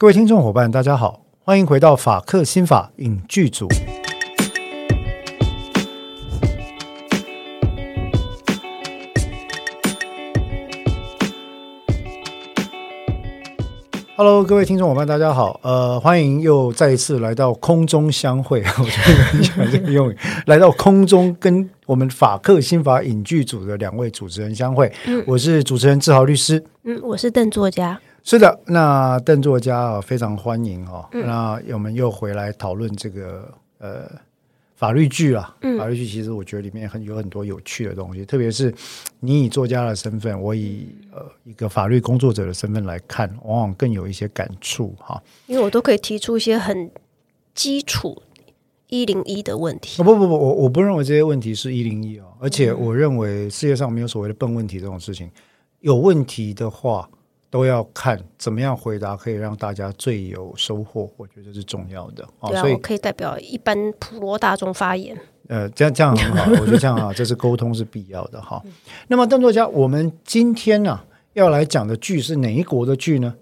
各位聽眾夥伴，大家好，歡迎回到法客新法影劇組。 Hello，各位聽眾夥伴，大家好。呃，歡迎又再一次來到空中相會， 我覺得很喜歡這個用語， 來到空中跟我們法客新法影劇組的兩位主持人相會。嗯，我是主持人致豪律師，嗯，我是鄧作家。是的，那鄧作家非常歡迎哦、嗯。那我們又回來討論這個呃法律劇啦、嗯。法律劇其實我覺得裡面很有很多有趣的東西，特別是你以作家的身份，我以呃一個法律工作者的身份來看，往往更有一些感觸哈。因為我都可以提出一些很基礎一零一的問題、哦。不不不，我我不認為這些問題是一零一哦，而且我認為世界上沒有所謂的笨問題這種事情。有問題的話。都要看怎麼樣回答可以讓大家最有收穫，我覺得是重要的啊。所以可以代表一般普羅大眾發言。呃，這樣這樣很好， 我覺得這樣啊，這是溝通是必要的哈、嗯。那麼鄧作家，我們今天呢、啊、要來講的劇是哪一國的劇呢？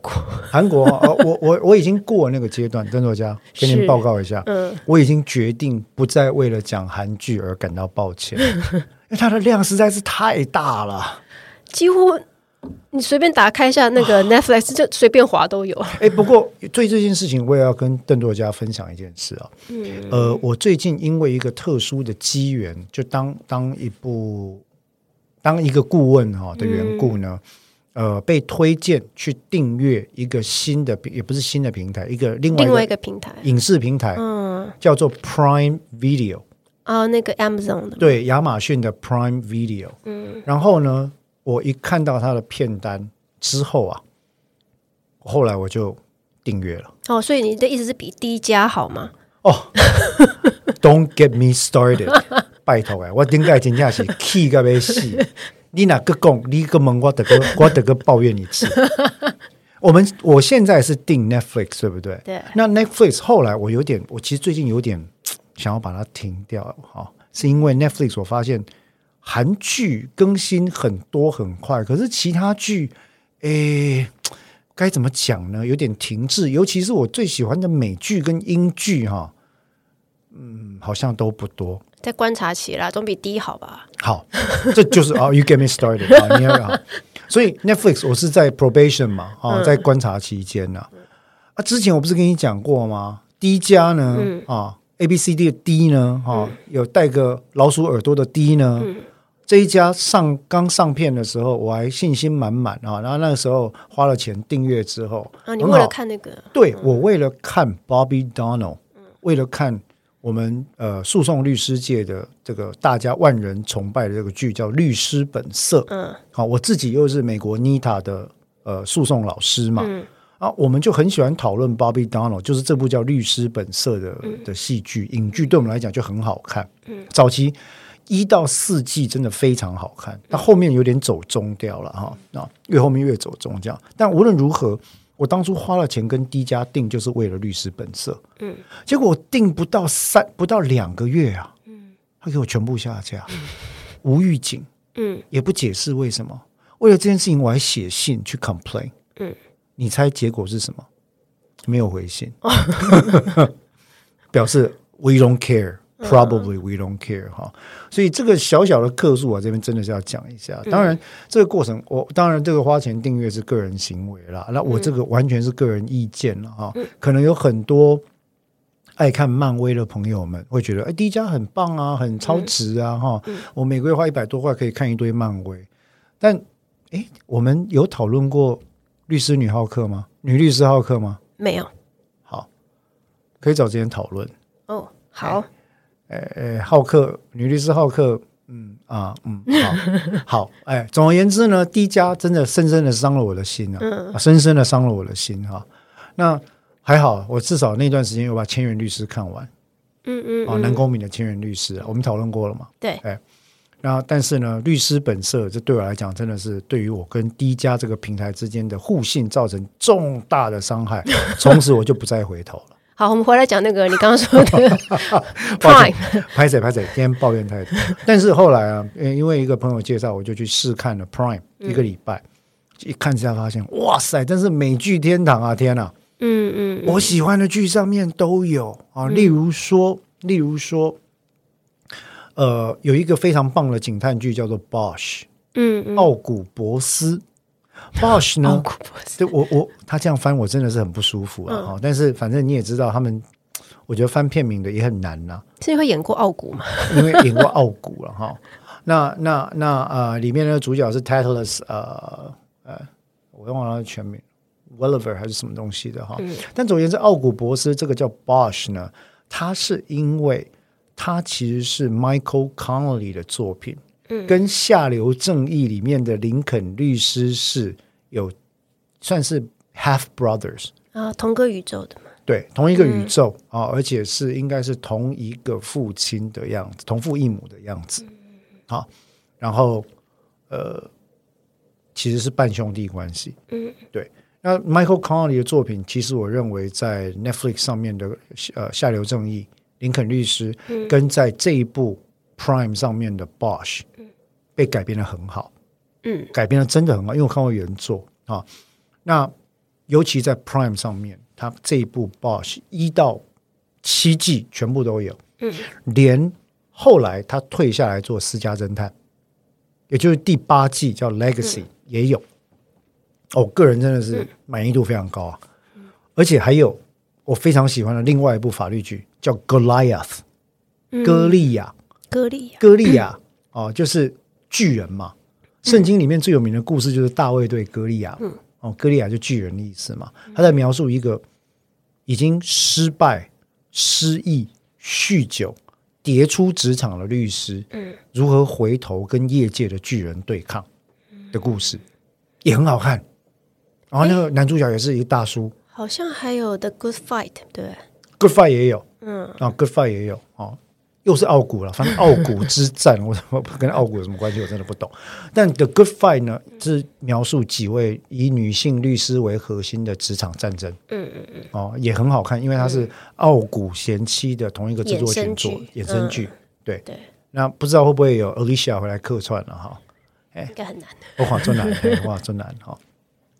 國 韓國。韓國，我我我已經過了那個階段， 鄧作家跟您報告一下、嗯，我已經決定不再為了講韓劇而感到抱歉， 因為它的量實在是太大了，幾乎。你隨便打開一下那個 Netflix，就隨便滑，都有。 哎、欸，不過對這件事情，我也要跟鄧作家分享一件事啊。嗯。呃，我最近因為一個特殊的機緣，就當當一部當一個顧問哈、哦、的緣故呢、嗯，呃，被推薦去訂閱一個新的，也不是新的平台，一個另外另外一個平台影視平台，嗯，叫做 Prime Video、哦。啊。那個 Amazon 的。對，亞馬遜的 Prime Video。嗯。然後呢？我一看到他的片單之後啊，後來我就訂閱了。哦，所以你的意思是比 D 加好嗎？哦、oh, ，Don't get me started， 拜託哎，我頂個真的是氣到要死。 你哪個講？你個夢，我得個，我得個抱怨一次。 我們我現在是訂 Netflix，對不對？對。那 Netflix 後來我有點，我其實最近有點想要把它停掉啊、哦，是因為 Netflix 我發現。韓劇更新很多很快，可是其他劇，誒、欸，該怎麼講呢？有點停滯，尤其是我最喜歡的美劇跟英劇哈，嗯，好像都不多。在觀察期啦，總比 D 好吧？好， 這就是啊、oh,，You get me started 啊、 oh,，oh. 所以 Netflix 我是在 probation 嘛啊、嗯，在觀察期間呢啊，啊，之前我不是跟你講過嗎？D 加呢、嗯、啊，A B C D 的 D 呢啊，嗯、有帶個老鼠耳朵的 D 呢。嗯。這一家上剛上片的時候，我還信心滿滿啊！然後那個時候花了錢訂閱之後，啊，你為了看那個、嗯？對，我為了看 Bobby Donnell、嗯、為了看我們呃訴訟律師界的這個大家萬人崇拜的這個劇叫《律師本色》。嗯，好、啊，我自己又是美國 Nita 的呃訴訟老師嘛。嗯，啊，我們就很喜歡討論 Bobby Donnell，就是這部叫《律師本色》的的戲劇、嗯、影劇，對我們來講就很好看。嗯，早期。一到四季真的非常好看，嗯、但後面有點走中調了哈，那、嗯啊、越後面越走中調。但無論如何，我當初花了錢跟 D 家訂，就是為了律師本色。嗯，結果我訂不到三不到兩個月啊，嗯，他給我全部下架，嗯、無預警，嗯，也不解釋為什麼。為了這件事情，我還寫信去 complain，嗯，你猜結果是什麼？沒有回信，啊、 表示 we don't care。Probably we don't care 哈、嗯哦，所以這個小小的客訴啊，這邊真的是要講一下。當然，這個過程，我當然這個花錢訂閱是個人行為了。那我這個完全是個人意見了哈、嗯哦。可能有很多愛看漫威的朋友們會覺得，哎、欸、D 家很棒啊，很超值啊，哈、嗯哦。我每個月花一百多塊可以看一堆漫威，但哎、欸，我們有討論過律師女浩克嗎？女律師浩克嗎？沒有。好，可以找時間討論。哦、oh,，好。哎哎，浩克女律師，浩克，嗯啊，嗯，好好，哎，總而言之呢，D+ 真的深深的傷了我的心啊，嗯、深深的傷了我的心哈、啊。那還好，我至少那段時間有把《千元律師》看完，嗯嗯，嗯，啊，南宮珉的《千元律師》啊，我們討論過了嘛？對，哎，那但是呢，律師本色，這對我來講，真的是對於我跟 D+ 這個平台之間的互信造成重大的傷害，從此我就不再回頭了。 好，我們回來講那個你剛剛說的 Prime，拍謝拍謝，天天抱怨太多。 但是後來啊，因為一個朋友介紹，我就去試看了 Prime 一個禮拜，嗯、一看下發現，哇塞，真是美劇天堂啊！天啊，嗯嗯，嗯，我喜歡的劇上面都有啊。例如說、嗯，例如說，呃，有一個非常棒的警探劇叫做《Bosch》，嗯，嗯，奧古博斯。Bosch 呢？對，我我他這樣翻我真的是很不舒服啊！哈、嗯，但是反正你也知道，他們我覺得翻片名的也很難吶、啊。是因為會演過奧古嗎？因為演過奧古了哈。 那那那呃，裡面的主角是 Titleus 呃呃，我忘了全名，Walliver 還是什麼東西的哈、嗯。但總言之，奧古博士這個叫 Bosch 呢，它是因為它其實是 Michael Connelly 的作品。跟《下流正義》裡面的林肯律師是有算是 half brothers 啊，同個宇宙的嘛？對，同一個宇宙、嗯、啊，而且是應該是同一個父親的樣子，同父異母的樣子。好、嗯啊，然後呃，其實是半兄弟關係。嗯，對。那 Michael Connelly 的作品，其實我認為在 Netflix 上面的呃《下流正義》、林肯律師、嗯，跟在這一部 Prime 上面的 Bosch。被改編的很好，嗯，改編的真的很好，因為我看過原作啊。那尤其在 Prime 上面，他這一部 Bosch 一到七季全部都有，嗯，連後來他退下來做私家偵探，也就是第八季叫 Legacy 也有。嗯、哦，我個人真的是滿意度非常高啊、嗯。而且還有我非常喜歡的另外一部法律劇叫 Goliath，歌、嗯、利亞，歌利亞，歌利亞，哦、 啊，就是。巨人嘛，聖經裡面最有名的故事就是大衛對歌利亞，嗯、哦，歌利亞就巨人的意思嘛、嗯。他在描述一個已經失敗、失意、酗酒、跌出職場的律師，嗯，如何回頭跟業界的巨人對抗的故事，嗯、也很好看。然後那個男主角也是一個大叔，好像還有 The Good Fight，對，Good Fight 也有，嗯，啊，Good Fight 也有，哦。都是傲骨了，反正傲骨之戰， 我怎麼跟傲骨有什麼關係？我真的不懂。但《The Good Fight》呢，是描述幾位以女性律師為核心的職場戰爭。嗯嗯嗯。哦，也很好看，因為它是《傲骨賢妻》的同一個製作群做衍生劇、嗯。對、嗯、對。那不知道會不會有 Alicia 回來客串了、啊、哈？哎、哦欸，應該很，很難。的 欸。哇，真難！哇，真難哈。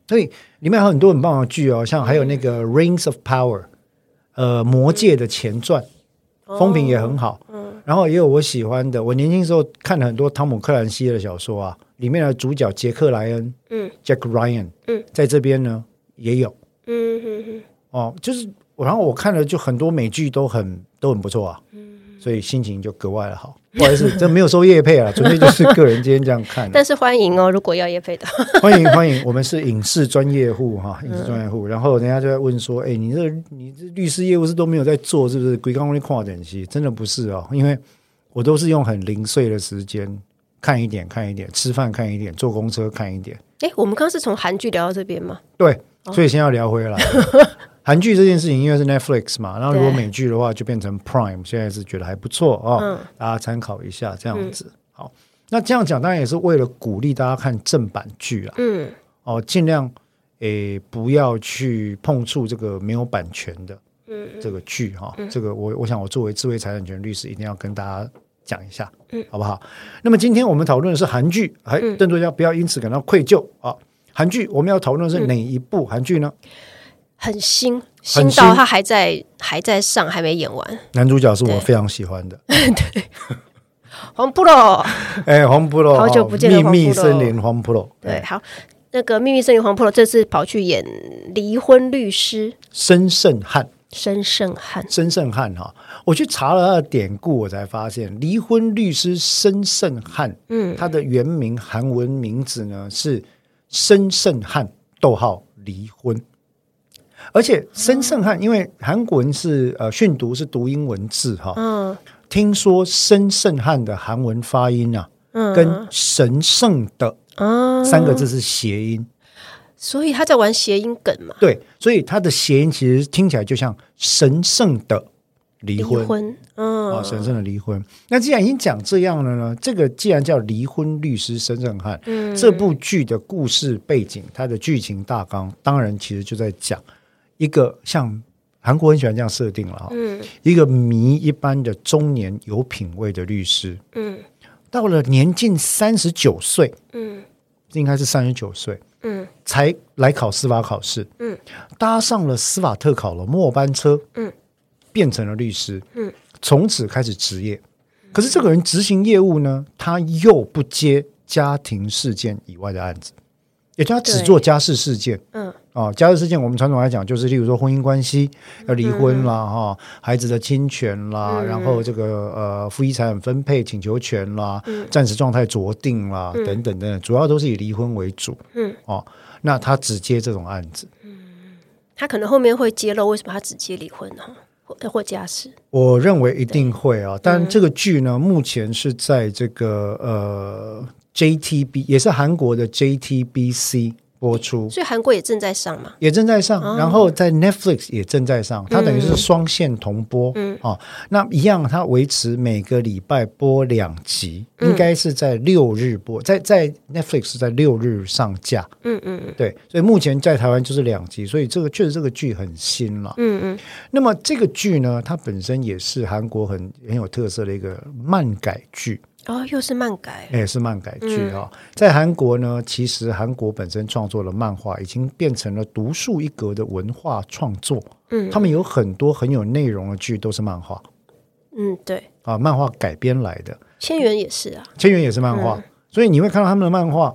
所以裡面還有很多很棒的劇哦，像還有那個《Rings of Power、嗯》，呃，《魔戒》的前傳，風、嗯、評也很好。哦然後也有我喜歡的，我年輕時候看了很多湯姆克蘭西的小說啊，裡面的主角傑克萊恩，嗯，Jack Ryan，嗯，在這邊呢也有，嗯嗯嗯，哦，就是，然後我看了就很多美劇都很都很不錯啊，嗯，所以心情就格外的好。不好意思， 這沒有收業配啊，純粹就是個人。今天這樣看，啊， 但是歡迎哦，如果要業配的， 歡迎歡迎，我們是影視專業戶哈，啊，影視專業戶，嗯。然後人家就在問說，哎，你這你這律師業務是都沒有在做，是不是？規工你就跨電視真的不是哦，因為我都是用很零碎的時間看一點看一點，吃飯看一點，坐公車看一點。哎，我們剛剛是從韓劇聊到這邊嗎？對，哦，所以先要聊回來。 韓劇這件事情，因為是 Netflix 嘛，然後如果美劇的話，就變成 Prime。現在是覺得還不錯哦、嗯，大家參考一下這樣子、嗯。好，那這樣講當然也是為了鼓勵大家看正版劇啊。嗯，哦，盡量誒、欸、不要去碰觸這個沒有版權的嗯這個劇哈、嗯哦。這個我我想我作為智慧財產權律師，一定要跟大家講一下，嗯，好不好？那麼今天我們討論的是韓劇，哎，嗯、鄧作家不要因此感到愧疚啊、哦。韓劇我們要討論的是哪一部韓劇呢？嗯、很新。新到他還在還在上，還沒演完。男主角是我非常喜歡的，對，黃布洛哎，黃浦、欸、好久不見，秘密森林黃布洛對。好，那個秘密森林黃布洛、那個，這次跑去演離婚律師申晟瀚，申晟瀚，申晟瀚哈，我去查了他的典故，我才發現離婚律師申晟瀚，嗯，他的原名韓文名字呢是申晟瀚，逗號離婚。而且申晟瀚，因為韓國人是呃訓讀是讀英文字哈、啊，嗯，聽說申晟瀚的韓文發音嗯跟神聖的嗯三個字是諧音、嗯，所以他在玩諧音梗嘛。對，所以他的諧音其實聽起來就像神聖的離婚，婚，嗯，啊神聖的離婚。那既然已經講這樣了呢，這個既然叫離婚律師申晟瀚，這部劇的故事背景，他的劇情大綱，當然其實就在講。一個像韓國很喜歡這樣設定了哈，一個謎一般的中年有品位的律師，嗯，到了年近三十九歲，嗯，應該是三十九歲，嗯，才來考司法考試，嗯，搭上了司法特考的末班車，嗯，變成了律師，嗯，從此開始執業。可是這個人執行業務呢，他又不接家庭事件以外的案子，也就他只做家事事件，嗯。哦，家事事件我們傳統來講就是，例如說婚姻關係要離婚啦，哈、嗯哦，孩子的親權啦，嗯、然後這個呃，夫妻財產分配請求權啦，嗯、暫時狀態酌定啦、嗯，等等等等，主要都是以離婚為主。嗯，哦，那他只接這種案子。嗯，他可能後面會揭露為什麼他只接離婚呢？或或家事？我認為一定會啊，但這個劇呢、嗯，目前是在這個呃 JTB 也是韓國的 JTBC。播出，所以韓國也正在上嘛，也正在上，哦，然後在 Netflix 也正在上，它等於是雙線同播，嗯啊、哦，那一樣，它維持每個禮拜播兩集，嗯、應該是在六日播，在在 Netflix 是在六日上架，嗯嗯，對，所以目前在台灣就是兩集，所以這個確實這個劇很新了，嗯嗯，那麼這個劇呢，它本身也是韓國很很有特色的一個漫改劇。哦，又是漫改，哎、欸，是漫改劇啊、嗯哦！在韓國呢，其實韓國本身創作的漫畫已經變成了獨樹一格的文化創作。嗯，他們有很多很有內容的劇都是漫畫。嗯，對。啊，漫畫改編來的，《千元》也是啊，《千元》也是漫畫、嗯，所以你會看到他們的漫畫。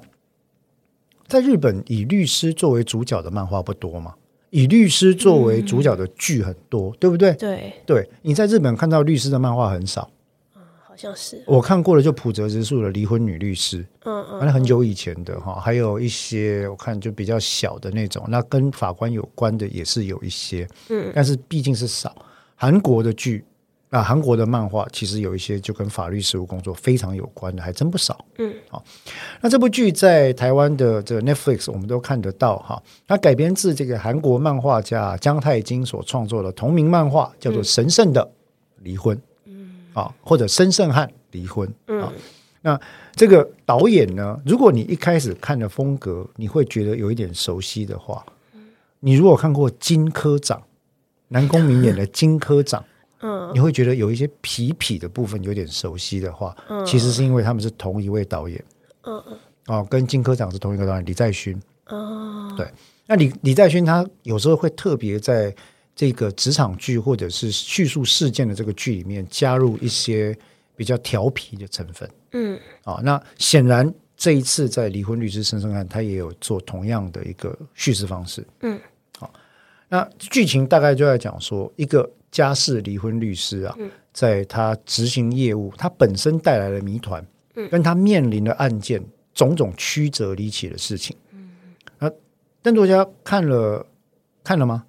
在日本，以律師作為主角的漫畫不多嘛，以律師作為主角的劇很多、嗯，對不對？對，對，你在日本看到律師的漫畫很少。我看過了，就普哲之樹的《離婚女律師》，嗯嗯，那很久以前的哈。還有一些我看就比較小的那種，那跟法官有關的也是有一些，嗯，但是畢竟是少。韓國的劇啊，韓國的漫畫其實有一些就跟法律實務工作非常有關的，還真不少，嗯嗯。好、哦，那這部劇在台灣的這個 Netflix 我們都看得到哈。它改編自這個韓國漫畫家姜泰京所創作的同名漫畫，叫做《神聖的離婚》。嗯嗯啊，或者申晟瀚離婚啊、嗯哦，那這個導演呢？如果你一開始看的風格，你會覺得有一點熟悉的話，你如果看過《金科長》，南宮珉演的《金科長》，嗯，你會覺得有一些痞痞的部分有點熟悉的話，嗯、其實是因為他們是同一位導演，嗯，哦，跟《金科長》是同一個導演李在勳，哦，對，那李李在勳他有時候會特別在。這個職場劇或者是敘述事件的這個劇裡面，加入一些比較調皮的成分。嗯、哦，啊，那顯然這一次在《離婚律師申晟瀚》，他也有做同樣的一個敘事方式。嗯、哦，好，那劇情大概就在講說，一個家事離婚律師啊，嗯、在他執行業務，他本身帶來了謎團，嗯、跟他面臨的案件種種曲折離奇的事情。嗯、啊，鄧作家看了看了嗎？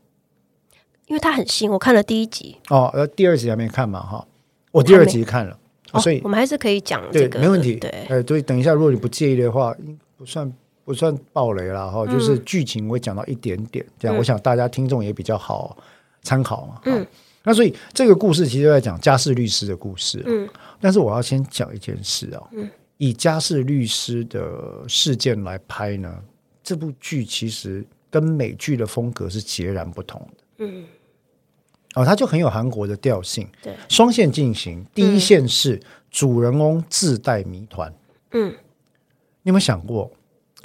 因為它很新，我看了第一集哦，呃，第二集還沒看嘛哈，我第二集看了，哦啊，所以我們還是可以講這個。對，沒問題，對，所、哎、以等一下，如果你不介意的話，不、嗯、算不算暴雷了哈，就是劇情會講到一點點、嗯、這樣，我想大家聽眾也比較好參考嘛，嗯，啊、那所以這個故事其實在講家事律師的故事、啊，嗯，但是我要先講一件事啊，嗯，以家事律師的事件來拍呢，這部劇其實跟美劇的風格是截然不同的，嗯。哦，他就很有韓國的調性。對，雙線進行，第一線是主人翁自帶謎團，嗯。嗯，你有沒有想過，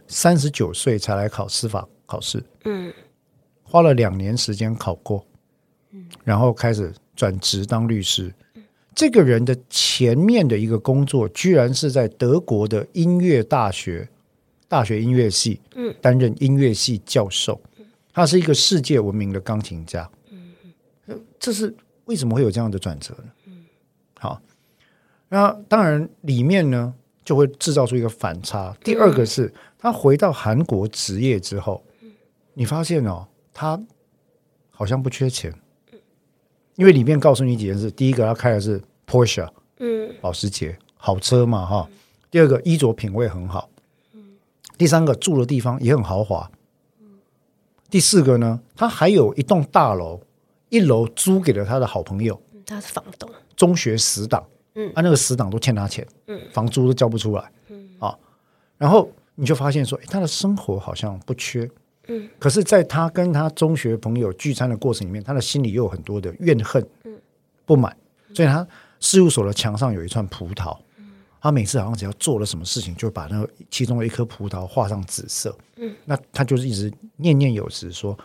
三十九歲才來考司法考試？嗯，花了兩年時間考過，然後開始轉職當律師。嗯。這個人的前面的一個工作，居然是在德國的音樂大學，大學音樂系，嗯，擔任音樂系教授。嗯，他是一個世界聞名的鋼琴家。這是為什麼會有這樣的轉折呢？好，那當然裡面呢就會制造出一個反差。第二個是他回到韓國執業之後，你發現哦，他好像不缺錢，因為裡面告訴你幾件事：第一個，他開的是 Porsche，嗯，保時捷，好車嘛哈；第二個，衣着品味很好；第三個，住的地方也很豪華；第四個呢，他還有一棟大樓。一樓租給了他的好朋友，他是房東。中學死黨，嗯，他、啊、那個死黨都欠他錢，嗯，房租都交不出來，嗯啊，然後你就發現說、欸，他的生活好像不缺，嗯，可是，在他跟他中學朋友聚餐的過程裡面，他的心裡又有很多的怨恨，嗯，不滿，所以他事務所的牆上有一串葡萄，嗯，他每次好像只要做了什麼事情，就把那個其中的一顆葡萄畫上紫色，嗯，那他就是一直念念有詞說。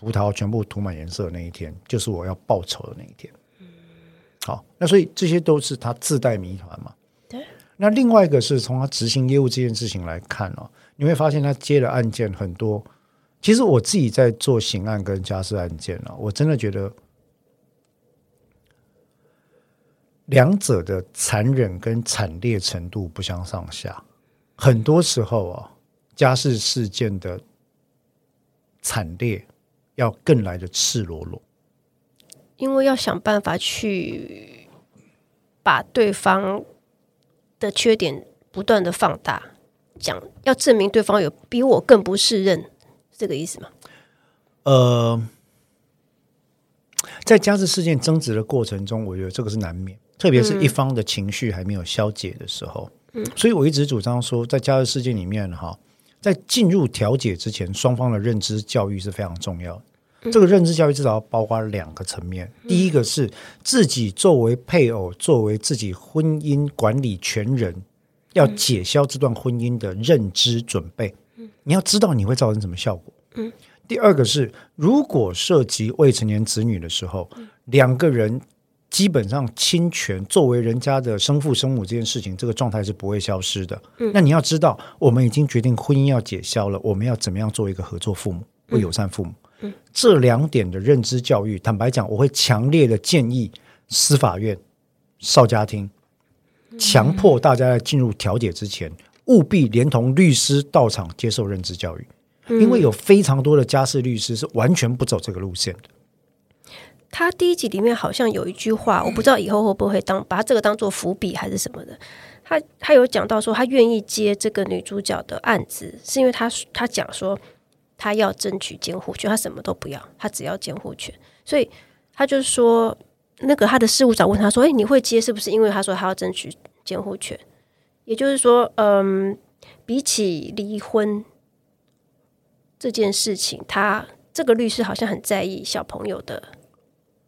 葡萄全部塗滿顏色的那一天，就是我要報仇的那一天。好，那所以這些都是他自帶謎團嘛。對。那另外一個是從他執行業務這件事情來看哦，你會發現他接的案件很多。其實我自己在做刑案跟家事案件呢、哦，我真的覺得兩者的殘忍跟慘烈程度不相上下。很多時候啊、哦，家事事件的慘烈。要更來的赤裸裸，因為要想辦法去把對方的缺點不斷的放大講，要證明對方有比我更不識人，是這個意思嗎？呃，在家事事件爭執的過程中，我覺得這個是難免，特別是一方的情緒還沒有消解的時候。所以我一直主張說，在家事事件裡面，哈。在進入調解之前，雙方的認知教育是非常重要的。這個認知教育至少要包括兩個層面：第一個是自己作為配偶、作為自己婚姻管理權人，要解消這段婚姻的認知準備。你要知道你會造成什麼效果。第二個是，如果涉及未成年子女的時候，兩個人。基本上，侵權作為人家的生父生母這件事情，這個狀態是不會消失的。嗯。那你要知道，我們已經決定婚姻要解消了，我們要怎麼樣做一個合作父母，為友善父母？嗯。這兩點的認知教育，坦白講，我會強烈的建議司法院少家庭，強迫大家在進入調解之前，務必連同律師到場接受認知教育，嗯。因為有非常多的家事律師是完全不走這個路線的。他第一集裡面好像有一句話，我不知道以後會不會當把他這個當做伏筆還是什麼的。他他有講到說，他願意接這個女主角的案子，是因為他他講說他要爭取監護權，他什麼都不要，他只要監護權。所以他就是說，那個他的事務長問他說：“哎，你會接是不是？因為他說他要爭取監護權。”也就是說，嗯，比起離婚這件事情，他這個律師好像很在意小朋友的。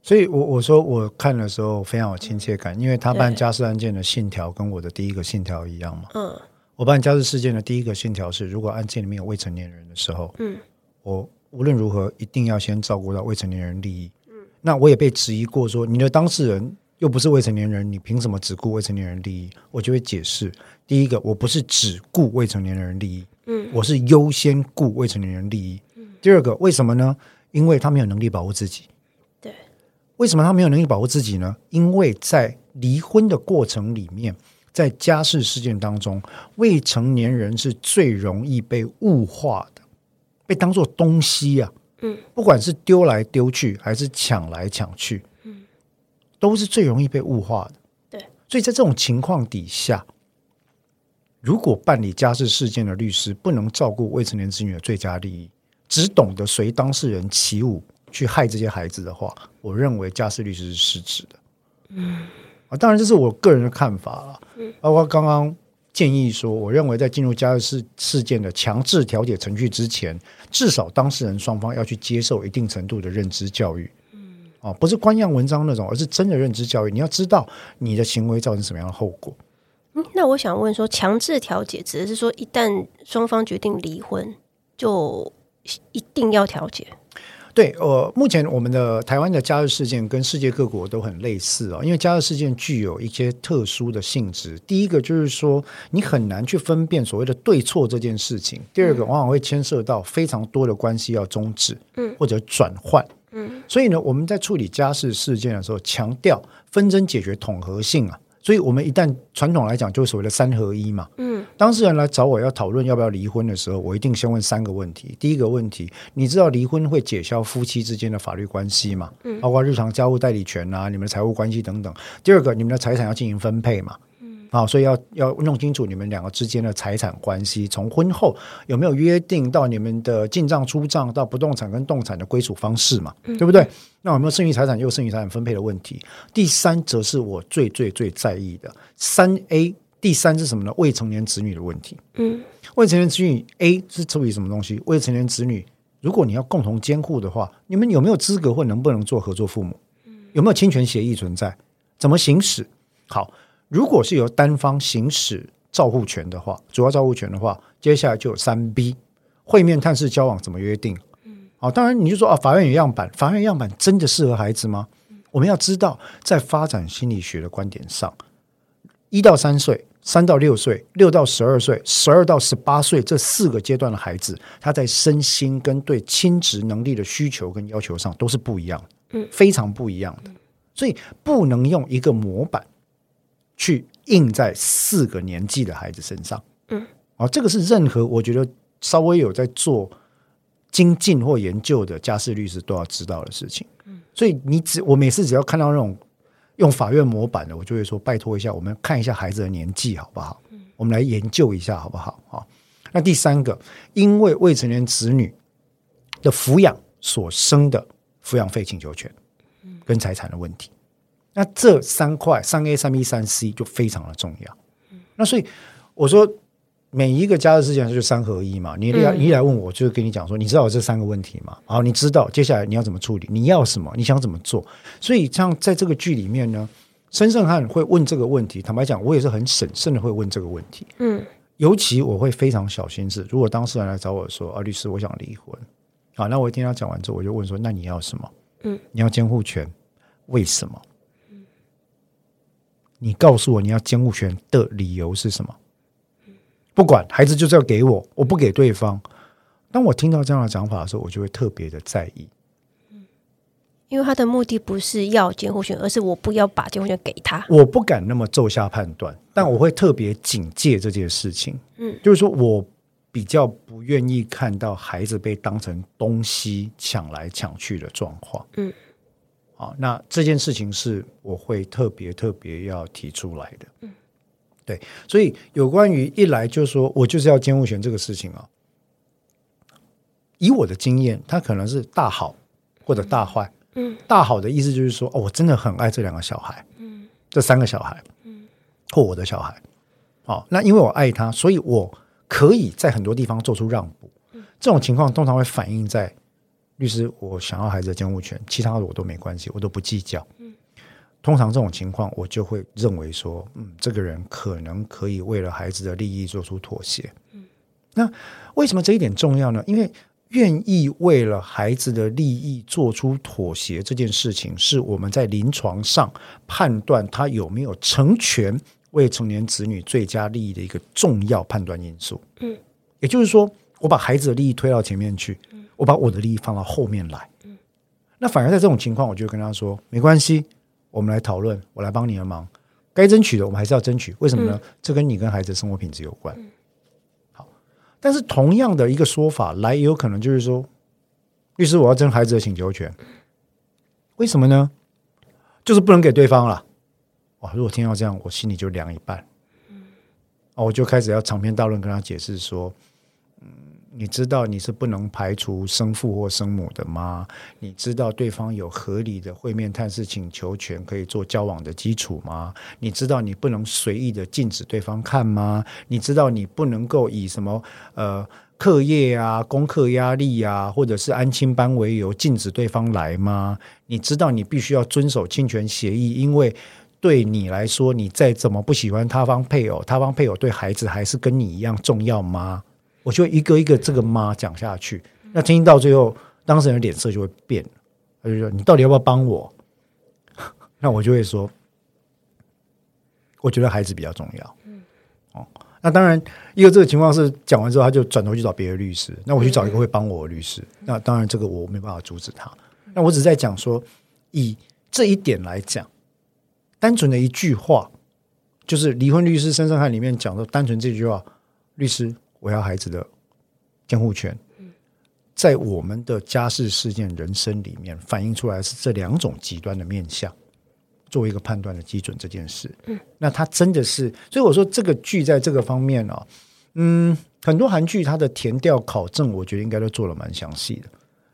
所以我，我我說我看的時候非常有親切感，嗯，因為他辦家事案件的信條跟我的第一個信條一樣嘛。嗯，我辦家事事件的第一個信條是，如果案件裡面有未成年人的時候，嗯，我無論如何一定要先照顧到未成年人利益。嗯，那我也被質疑過說，你的當事人又不是未成年人，你憑什麼只顧未成年人利益？我就會解釋，第一個，我不是只顧未成年人利益，嗯，我是優先顧未成年人利益，嗯。第二個，為什麼呢？因為他沒有能力保護自己。為什麼他沒有能力保護自己呢？因為在離婚的過程裡面，在家事事件當中，未成年人是最容易被物化的，被當做東西啊，嗯，不管是丟來丟去，還是搶來搶去，嗯，都是最容易被物化的。對，所以在這種情況底下，如果辦理家事事件的律師不能照顧未成年子女的最佳利益，只懂得隨當事人起舞。去害這些孩子的話，我認為家事律師是失職的。嗯啊，當然這是我個人的看法了。嗯，包括剛剛建議說，我認為在進入家事事件的強制調解程序之前，至少當事人雙方要去接受一定程度的認知教育。嗯，哦、啊，不是官樣文章那種，而是真的認知教育。你要知道你的行為造成什麼樣的後果。嗯，那我想問說，強制調解指的是說，一旦雙方決定離婚，就一定要調解。對，呃，目前我們的台灣的家事事件跟世界各國都很類似啊、哦，因為家事事件具有一些特殊的性質。第一個就是說，你很難去分辨所謂的對錯這件事情；第二個，往往會牽涉到非常多的關係要終止，或者轉換，嗯。所以呢，我們在處理家事事件的時候，強調紛爭解決統合性啊。所以，我們一旦傳統來講，就是所謂的三合一嘛。嗯，當事人來找我要討論要不要離婚的時候，我一定先問三個問題。第一個問題，你知道離婚會解消夫妻之間的法律關係嗎？嗯，包括日常家務代理權啊，你們的財務關係等等。第二個，你們的財產要進行分配嘛？好，所以要要弄清楚你們兩個之間的財產關係，從婚後有沒有約定，到你們的進賬出賬，到不動產跟動產的歸屬方式嘛、嗯，對不對？那有沒有剩餘財產？又剩餘財產分配的問題。第三，則是我最最最在意的三 A。3A, 第三是什麼呢？未成年子女的問題。嗯，未成年子女 A 是處理什麼東西？未成年子女，如果你要共同監護的話，你們有沒有資格或能不能做合作父母？嗯，有沒有親權協議存在？怎麼行使？好。如果是由單方行使照護權的話，主要照護權的話，接下來就有三 B 會面、探視、交往怎麼約定？嗯，哦，當然你就說啊，法院有樣板，法院有樣板真的適合孩子嗎？嗯，我們要知道，在發展心理學的觀點上，一到三歲、三到六歲、六到十二歲、十二到十八歲這四個階段的孩子，他在身心跟對親職能力的需求跟要求上都是不一樣，嗯，非常不一樣的，嗯，所以不能用一個模板。去印在四個年紀的孩子身上，嗯，啊、哦，這個是任何我覺得稍微有在做精進或研究的家事律師都要知道的事情，嗯，所以你只我每次只要看到那種用法院模板的，我就會說拜託一下，我們看一下孩子的年紀好不好？嗯，我們來研究一下好不好？啊、哦，那第三個，因為未成年子女的撫養所生的撫養費請求權，跟財產的問題。嗯那這三塊，三 A、三 B、三 C 就非常的重要。嗯、那所以我說，每一個家的事情就三合一嘛。你來，一、嗯、來問我，就是跟你講說，你知道我這三個問題嗎？好，你知道接下來你要怎麼處理？你要什麼？你想怎麼做？所以像在這個劇裡面呢，申晟瀚會問這個問題。坦白講，我也是很審慎的會問這個問題。嗯，尤其我會非常小心思。如果當事人來找我說，啊，律師，我想離婚。好，那我一聽他講完之後，我就問說，那你要什麼？嗯，你要監護權？為什麼？你告訴我你要監護權的理由是什麼？不管孩子就是要給我，我不給對方。當我聽到這樣的講法的時候，我就會特別的在意。因為他的目的不是要監護權，而是我不要把監護權給他。我不敢那麼驟下判斷，但我會特別警戒這件事情。嗯，就是說，我比較不願意看到孩子被當成東西搶來搶去的狀況。嗯。那這件事情是我會特別特別要提出來的。嗯。對，所以有關於一來就是說我就是要監護權這個事情啊。哦，以我的經驗，他可能是大好或者大壞。嗯嗯。大好的意思就是說，哦，我真的很愛這兩個小孩。嗯，這三個小孩。嗯，或我的小孩。哦。那因為我愛他，所以我可以在很多地方做出讓步。嗯。這種情況通常會反映在。律師，我想要孩子的監護權，其他的我都沒關係，我都不計較。嗯，通常這種情況，我就會認為說，嗯，這個人可能可以為了孩子的利益做出妥協。嗯，那為什麼這一點重要呢？因為願意為了孩子的利益做出妥協這件事情，是我們在臨床上判斷他有沒有成全未成年子女最佳利益的一個重要判斷因素。嗯，也就是說，我把孩子的利益推到前面去。我把我的利益放到後面來，那反而在這種情況，我就跟他說沒關係，我們來討論，我來幫你的忙，該爭取的我們還是要爭取。為什麼呢？這跟你跟孩子的生活品質有關。好，但是同樣的一個說法來，也有可能就是說，律師，我要爭孩子的請求權，為什麼呢？就是不能給對方了。哇，如果聽到這樣，我心裡就涼一半。哦，我就開始要長篇大論跟他解釋說。你知道你是不能排除生父或生母的嗎？你知道對方有合理的會面探視請求權可以做交往的基礎嗎？你知道你不能隨意的禁止對方看嗎？你知道你不能夠以什麼呃課業啊、功課壓力啊，或者是安親班為由禁止對方來嗎？你知道你必須要遵守親權協議，因為對你來說，你再怎麼不喜歡他方配偶，他方配偶對孩子還是跟你一樣重要嗎？我就一個一個這個媽講下去，嗯、那聽到最後，當事人的臉色就會變，他就說：“你到底要不要幫我？” 那我就會說：“我覺得孩子比較重要。嗯”哦，那當然，因為這個情況是講完之後，他就轉頭去找別的律師。那我去找一個會幫我的律師。嗯、那當然，這個我沒辦法阻止他、嗯。那我只在講說，以這一點來講，單純的一句話，就是《離婚律師申晟瀚》裡面講的單純這句話，律師。我要孩子的監護權，在我們的家事事件人生裡面反映出來是這兩種極端的面向，作為一個判斷的基準這件事。嗯，那他真的是，所以我說這個劇在這個方面哦、啊，嗯，很多韓劇它的田調考證，我覺得應該都做了蠻詳細的。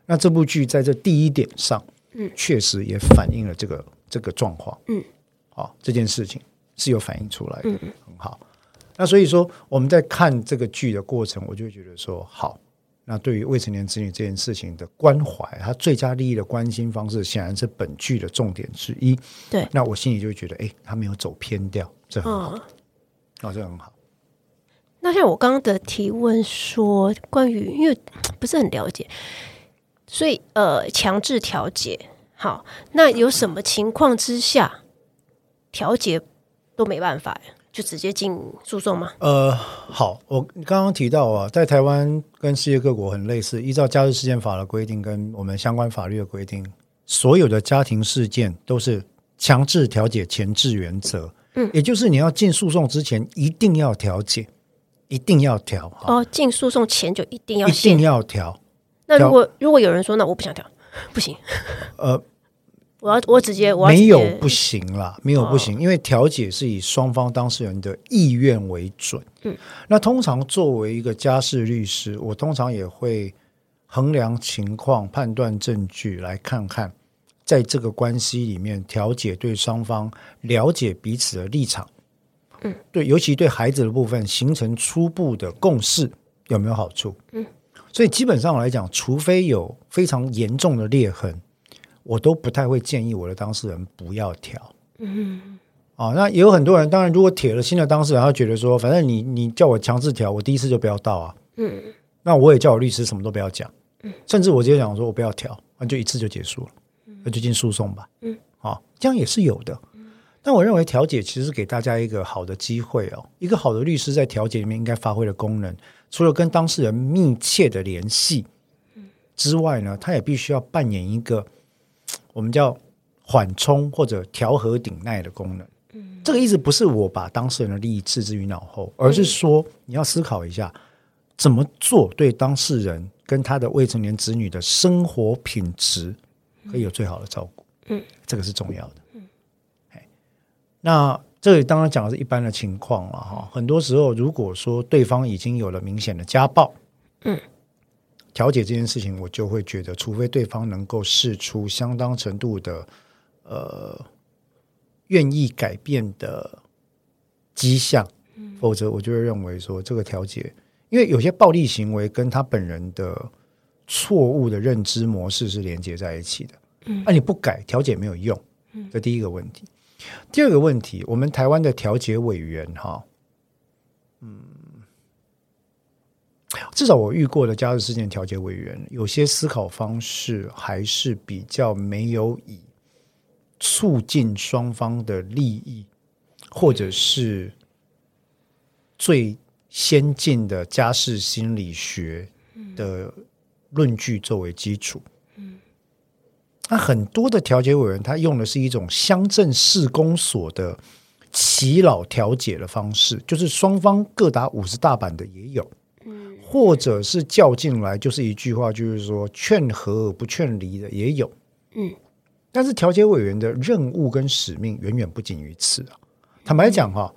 那這部劇在這第一點上，嗯，確實也反映了這個這個狀況，嗯。嗯，好、啊，這件事情是有反映出來的，嗯嗯，很好。那所以說，我們在看這個劇的過程，我就覺得說好。那對於未成年子女這件事情的關懷，他最佳利益的關心方式，顯然是本劇的重點之一。對，那我心裡就會覺得，哎、欸，他沒有走偏掉，這很好，那、嗯哦、這很好。那像我剛剛的提問說，關於因為不是很了解，所以呃，強制調解，好，那有什麼情況之下調解都沒辦法就直接進訴訟嗎？呃，好，我剛剛提到啊，在台灣跟世界各國很類似，依照家事事件法的規定跟我們相關法律的規定，所有的家庭事件都是強制調解前置原則，嗯，也就是你要進訴訟之前一定要調解，一定要調。哦，進訴訟前就一定要一定要調。那如果如果有人說，那我不想調， 不行，呃。我要，我，直接，我要直接，沒有不行啦，沒有不行，因為調解是以雙方當事人的意願為準。嗯，那通常作為一個家事律師，我通常也會衡量情況、判斷證據，來看看在這個關係裡面調解對雙方了解彼此的立場。嗯，對，尤其對孩子的部分，形成初步的共識有沒有好處？嗯，所以基本上來講，除非有非常嚴重的裂痕。我都不太會建議我的當事人不要調，嗯啊、哦，那也有很多人，當然如果鐵了心的當事人，他覺得說，反正你你叫我強制調，我第一次就不要到啊，嗯，那我也叫我律師什麼都不要講，嗯，甚至我直接講說，我不要調，那就一次就結束了，嗯，那就進訴訟吧，嗯，啊、哦，這樣也是有的，嗯，但我認為調解其實是給大家一個好的機會哦，一個好的律師在調解裡面應該發揮的功能，除了跟當事人密切的聯繫之外呢，他也必須要扮演一個。我們叫緩衝或者調和鼎鼐的功能，這個意思不是我把當事人的利益置之於腦後，而是說你要思考一下怎麼做對當事人跟他的未成年子女的生活品質可以有最好的照顧，這個是重要的，那這裡當然講的是一般的情況了哈，很多時候如果說對方已經有了明顯的家暴，調解這件事情，我就會覺得，除非對方能夠釋出相當程度的呃願意改變的跡象，否則我就會認為說，這個調解，因為有些暴力行為跟他本人的錯誤的認知模式是連接在一起的，嗯，那你不改，調解沒有用，嗯，這第一個問題。第二個問題，我們台灣的調解委員，哈。至少我遇過的家事事件調解委員，有些思考方式還是比較沒有以促進雙方的利益，或者是最先進的家事心理學的論據作為基礎。嗯，那很多的調解委員，他用的是一種鄉鎮市公所的耆老調解的方式，就是雙方各打五十大板的也有。或者是叫進來，就是一句話，就是說勸和而不勸離的也有，嗯。但是調解委員的任務跟使命遠遠不僅於此啊。坦白講哈，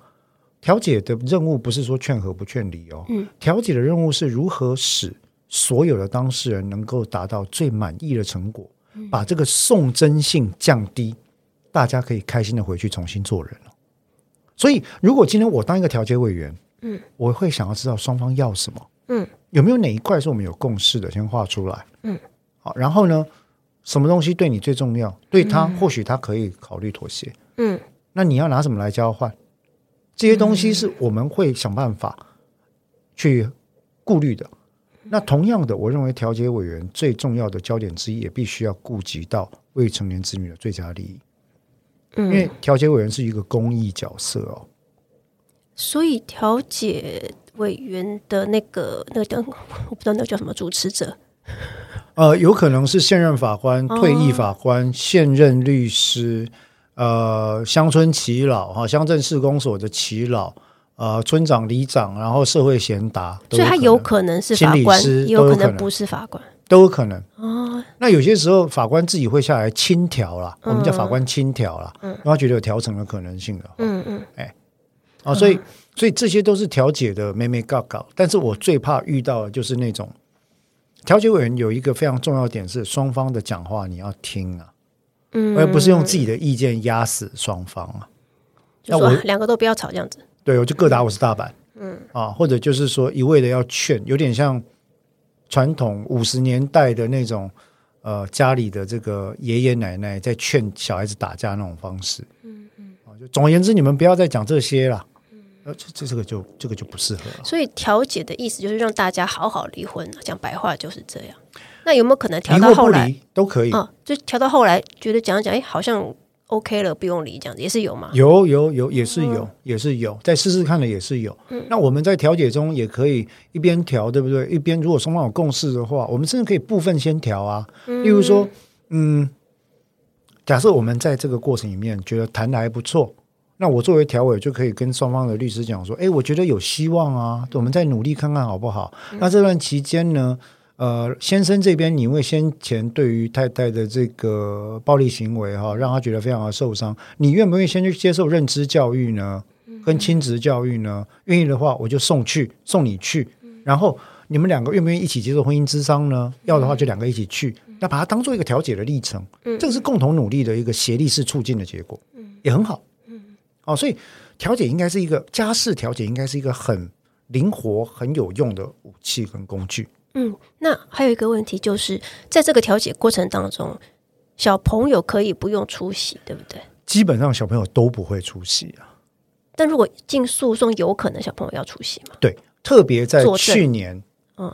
調解的任務不是說勸和不勸離哦，調解的任務是如何使所有的當事人能夠達到最滿意的成果，把這個訟爭性降低，大家可以開心的回去重新做人了哦。所以，如果今天我當一個調解委員，嗯，我會想要知道雙方要什麼。嗯，有沒有哪一塊是我們有共識的？先畫出來。嗯，好。然後呢，什麼東西對你最重要？對他，嗯、或許他可以考慮妥協。嗯，那你要拿什麼來交換？這些東西是我們會想辦法去顧慮的。嗯、那同樣的，我認為調解委員最重要的焦點之一，也必須要顧及到未成年子女的最佳利益。嗯，因為調解委員是一個公益角色哦。所以調解。委員的那個那個叫，我不知道那個叫什麼主持者，呃，有可能是現任法官、退役法官、哦、現任律師，呃，鄉村耆老哈，鄉鎮市公所的耆老，呃，村長、里長，然後社會賢達，所以他有可能是法官，有可能不是法官，都有可能，有可能，有可能，有可能哦。那有些時候法官自己會下來清調了，我們叫法官輕調了，嗯，然後他覺得有調成的可能性的，嗯嗯，哎、欸，啊、嗯哦，所以。嗯所以這些都是調解的眉眉角角，但是我最怕遇到的就是那種調解委員，有一個非常重要點是雙方的講話你要聽啊，嗯，而不是用自己的意見壓死雙方啊。那我兩個都不要吵這樣子，對，我就各打五十大板，嗯，嗯啊，或者就是說一味的要勸，有點像傳統五十年代的那種，呃，家裡的這個爺爺奶奶在勸小孩子打架那種方式，嗯嗯，啊，總而言之，你們不要再講這些了。這這個就這個就不適合。所以調解的意思就是讓大家好好離婚，啊，講白話就是這樣。那有沒有可能調到後來都可以啊？就調到後來覺得講一講，哎，好像 OK 了，不用離，這樣子也是有嘛？有有有，也是有，嗯，也是有，再試試看了，也是有，嗯。那我們在調解中也可以一邊調，對不對？一邊如果雙方有共識的話，我們甚至可以部分先調啊，嗯。例如說，嗯，假設我們在這個過程裡面覺得談的還不錯。那我作為調委，就可以跟雙方的律師講說，哎、欸，我覺得有希望啊、嗯，我們再努力看看好不好？嗯、那這段期間呢，呃，先生這邊，你因為先前對於太太的這個暴力行為哈、哦，讓他覺得非常的受傷，你願不願意先去接受認知教育呢？嗯、跟親子教育呢？願意的話，我就送去送你去、嗯。然後你們兩個願不願意一起接受婚姻諮商呢、嗯？要的話就兩個一起去，嗯、那把它當做一個調解的歷程，嗯、這個是共同努力的一個協力式促進的結果、嗯，也很好。哦，所以調解應該是一個家事調解，應該是一個很靈活、很有用的武器跟工具。嗯，那還有一個問題就是，在這個調解過程當中，小朋友可以不用出席，對不對？基本上小朋友都不會出席啊。但如果進訴訟，有可能小朋友要出席嗎？對，特別在去年，嗯。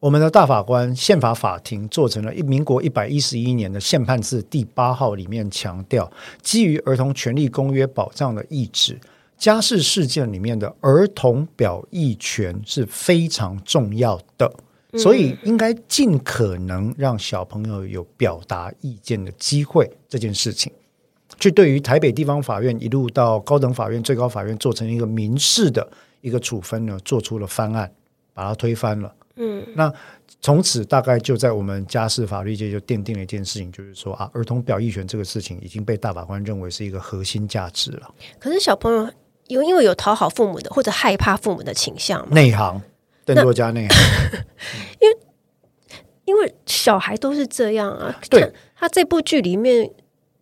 我們的大法官憲法法庭做成了一民國一百一十一年的憲判字第八號裡面強調，基於兒童權利公約保障的意志，家事事件裡面的兒童表意權是非常重要的，所以應該盡可能讓小朋友有表達意見的機會。這件事情，去對於台北地方法院一路到高等法院、最高法院做成一個民事的一個處分呢，做出了翻案，把它推翻了。嗯，那從此大概就在我們家事法律界就奠定了一件事情，就是說啊，兒童表意權這個事情已經被大法官認為是一個核心價值了。可是小朋友有因為有討好父母的或者害怕父母的傾向嘛？內行，更多加內行， 因為因為小孩都是這樣啊。對，他這部劇裡面，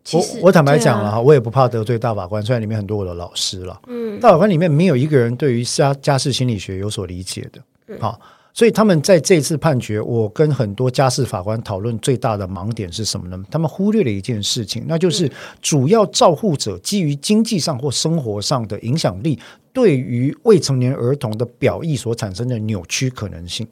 其實我，我坦白講了、啊，我也不怕得罪大法官、嗯，雖然裡面很多我的老師了。嗯，大法官裡面沒有一個人對於家家事心理學有所理解的。嗯，好。所以他們在這次判決，我跟很多家事法官討論，最大的盲點是什麼呢？他們忽略了一件事情，那就是主要照護者基於經濟上或生活上的影響力，對於未成年兒童的表意所產生的扭曲可能性。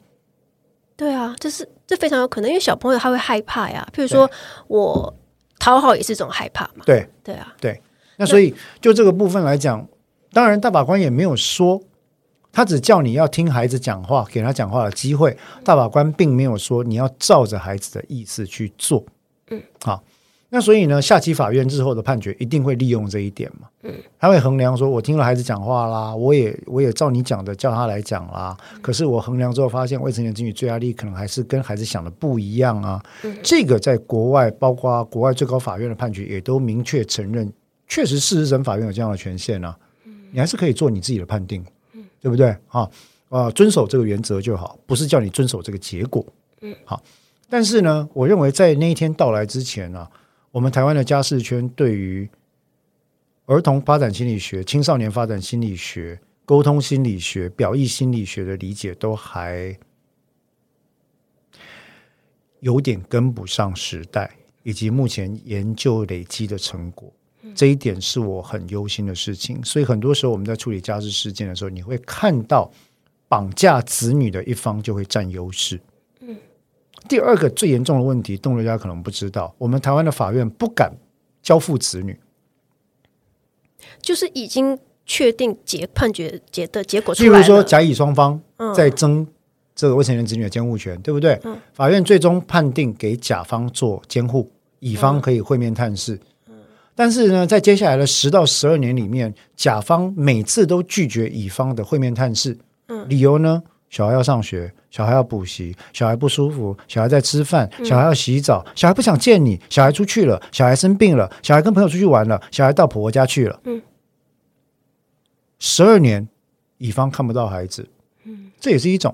對啊，這是這非常有可能，因為小朋友他會害怕呀。譬如說，我討好也是一種害怕嘛。對對啊，對。那所以就這個部分來講，當然大法官也沒有說。他只叫你要聽孩子講話，給他講話的機會、嗯。大法官並沒有說你要照着孩子的意思去做。嗯，好、啊，那所以呢，下級法院之後的判決一定會利用這一點嘛？嗯，他會衡量說，我聽了孩子講話啦，我也我也照你講的叫他來講啦、嗯。可是我衡量之後發現，未成年子女最佳利益可能還是跟孩子想的不一樣啊、嗯。這個在國外，包括國外最高法院的判決也都明確承認，確實事實審法院有這樣的權限啊。嗯，你還是可以做你自己的判定。對不對？哈，啊，遵守這個原則就好，不是叫你遵守這個結果。嗯，好。但是呢，我認為在那一天到來之前呢，啊，我們台灣的家事圈對於兒童發展心理學、青少年發展心理學、溝通心理學、表意心理學的理解，都還有點跟不上時代，以及目前研究累積的成果。這一點是我很憂心的事情，所以很多時候我們在處理家事事件的時候，你會看到綁架子女的一方就會佔優勢。第二個最嚴重的問題，動人家可能不知道，我們台灣的法院不敢交付子女，就是已經確定結判決結的結果出來，例如說甲乙雙方在爭這個未成年子女的監護權，對不對？法院最終判定給甲方做監護，乙方可以會面探視。但是呢，在接下來的十到十二年裡面，甲方每次都拒絕乙方的會面探視，理由呢，小孩要上學，小孩要補習，小孩不舒服，小孩在吃飯，小孩要洗澡，小孩不想見你，小孩出去了，小孩生病了，小孩跟朋友出去玩了，小孩到婆家去了，十二年，乙方看不到孩子，這也是一種，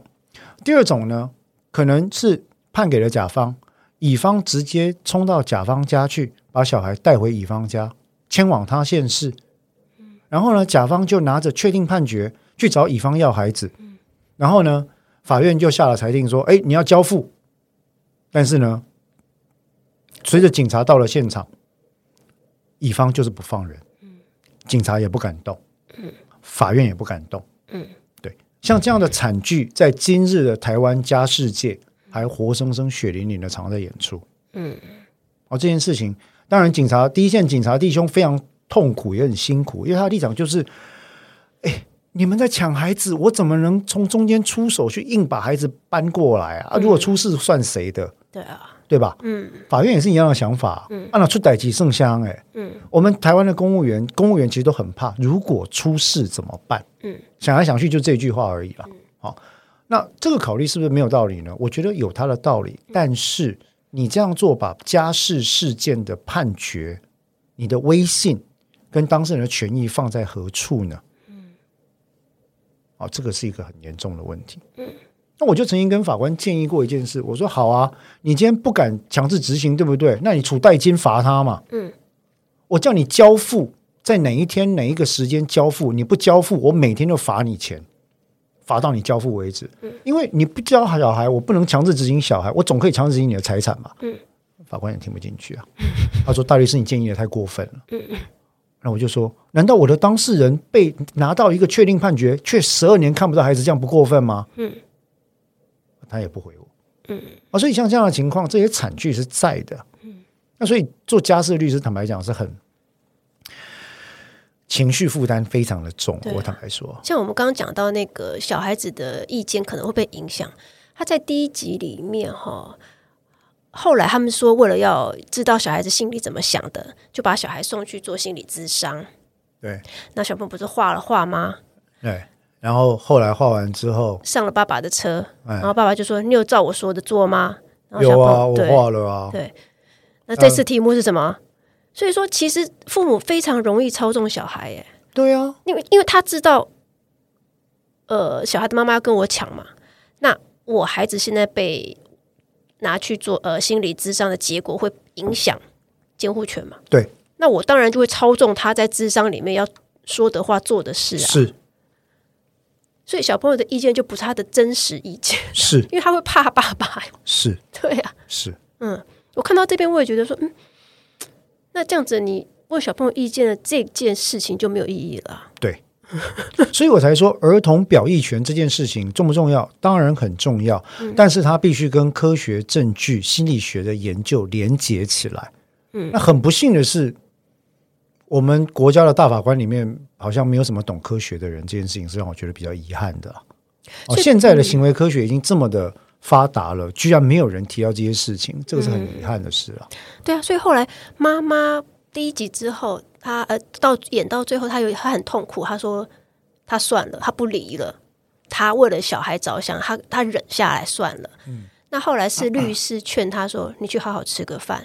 第二種呢，可能是判給了甲方。乙方直接衝到甲方家去，把小孩帶回乙方家，遷往他縣市。然後呢，甲方就拿着確定判決去找乙方要孩子。然後呢，法院就下了裁定說：“哎，你要交付。”但是呢，隨着警察到了現場，乙方就是不放人。警察也不敢動。法院也不敢動。對，像這樣的慘劇，在今日的台灣家事界。還活生生、血淋淋的藏在演出。嗯，哦，這件事情，當然警察第一線警察弟兄非常痛苦，也很辛苦，因為他的立場就是，哎，你們在搶孩子，我怎麼能從中間出手去硬把孩子搬過來啊？嗯、啊，如果出事，算誰的？對啊，對吧？嗯，法院也是一樣的想法。嗯，按、啊、那出代誌聖箱哎，嗯，我們台灣的公務員，公務員其實都很怕，如果出事怎麼辦？嗯，想來想去就這句話而已了。好、嗯。哦那這個考慮是不是沒有道理呢？我覺得有它的道理，但是你這樣做把家事事件的判決、你的威信跟當事人的權益放在何處呢？嗯，啊，這個是一個很嚴重的問題。嗯，那我就曾經跟法官建議過一件事，我說：“好啊，你今天不敢強制執行，對不對？那你處怠金罰他嘛。”嗯，我叫你交付在哪一天哪一個時間交付，你不交付，我每天就罰你錢。罰到你交付為止，因為你不交小孩，我不能強制執行小孩，我總可以強制執行你的財產嘛。法官也聽不進去啊，他說，大律師你建議的太過分了。那我就說，難道我的當事人被拿到一個確定判決，卻十二年看不到孩子，這樣不過分嗎？他也不回我。啊，所以像這樣的情況，這些慘劇是在的。那所以做家事的律師，坦白講是很。情緒負擔非常的重，啊、我坦白說。像我們剛剛講到那個小孩子的意見可能會被影響，他在第一集裡面哈、哦，後來他們說為了要知道小孩子心裡怎麼想的，就把小孩送去做心理諮商。對，那小朋友不是畫了畫嗎？對，然後後來畫完之後上了爸爸的車，嗯，然後爸爸就說：“你有照我說的做嗎？”嗯，然後有啊，我畫了啊。對，那這次題目是什麼？嗯所以說，其實父母非常容易操縱小孩，哎，對啊、哦，因為因為他知道，呃，小孩的媽媽要跟我搶嘛，那我孩子現在被拿去做呃心理諮商的結果會影響監護權嘛？對，那我當然就會操縱他在諮商裡面要說的話、做的事啊。是，所以小朋友的意見就不是他的真實意見，是，因為他會怕爸爸，是，對呀、啊，是，嗯，我看到這邊我也覺得說，嗯。那這樣子，你問小朋友意見的這件事情就沒有意義了。對，所以我才說兒童表意權這件事情重不重要？當然很重要，但是它必須跟科學證據、心理學的研究連結起來。嗯，那很不幸的是，我們國家的大法官裡面好像沒有什麼懂科學的人，這件事情是讓我覺得比較遺憾的。現在的行為科學已經這麼的。發達了，居然沒有人提到這些事情，這個是很遺憾的事啊、嗯。對啊，所以後來媽媽第一集之後，她呃到演到最後，她有她很痛苦，她說她算了，她不離了，她為了小孩着想，她她忍下來算了。嗯，那後來是律師勸她說啊啊：“你去好好吃個飯。”